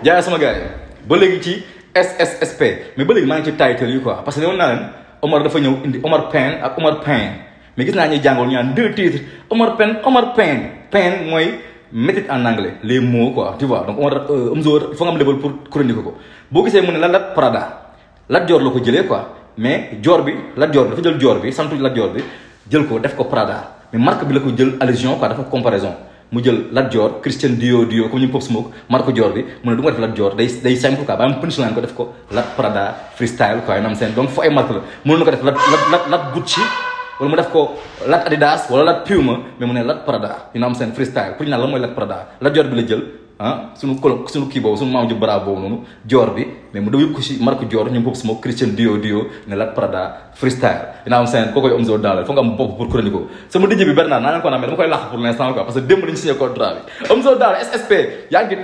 jaay sama gars yi ba léegi ci SSSP mais ba léegi maa ngi ci title yi quoi parce que ne woon naa Omar dafa ñëw indi Omar Pène ak Omar Pène mais gis naa ñuy jàngoon ñu naan deux titres Omar Pène Omar Pène Pène mooy méthode en anglais les mots quoi tu vois donc Omar euh, Omzo il faut nga am level pour chronique ko boo gisee mu ne la Lat Prada Lat Dior la ko jëlee quoi mais Dior bi Lat joor bi dafa jël joor bi santu Lat Dior bi jël ko def ko Prada mais marque bi la ko jël allusion quoi dafa comparaison mu jël Lat Dior Christian Dio Dio comme ñu pop smoke Marco Dior bi mu ne du ma def Lat Dior day day simple quoi ba am punchline ko def ko Lat Prada freestyle quoi nam seen donc foo ay marque la mënoon na ko def Lat Lat Lat Gucci wala mu def ko Lat Adidas wala Lat Puma mais mu ne Lat Prada ñu am seen freestyle pour ñu naan lan mooy Lat Prada Lat Dior bi la jël ah suñu kii boobu suñu maam ju brave noonu joor bi mais mu daw yëpp ko si marque joor ñu bopp sama Christian Dio Dio ne Lat Prada freestyle dinaa am seen koo koy Omzo Dollar foog nga am bopp pour chronique bi Bernard naa leen ko naan mais dama koy làq pour l'instant quoi parce que démb lañu signé contrat bi Omzo Dollar SSP yaa ngi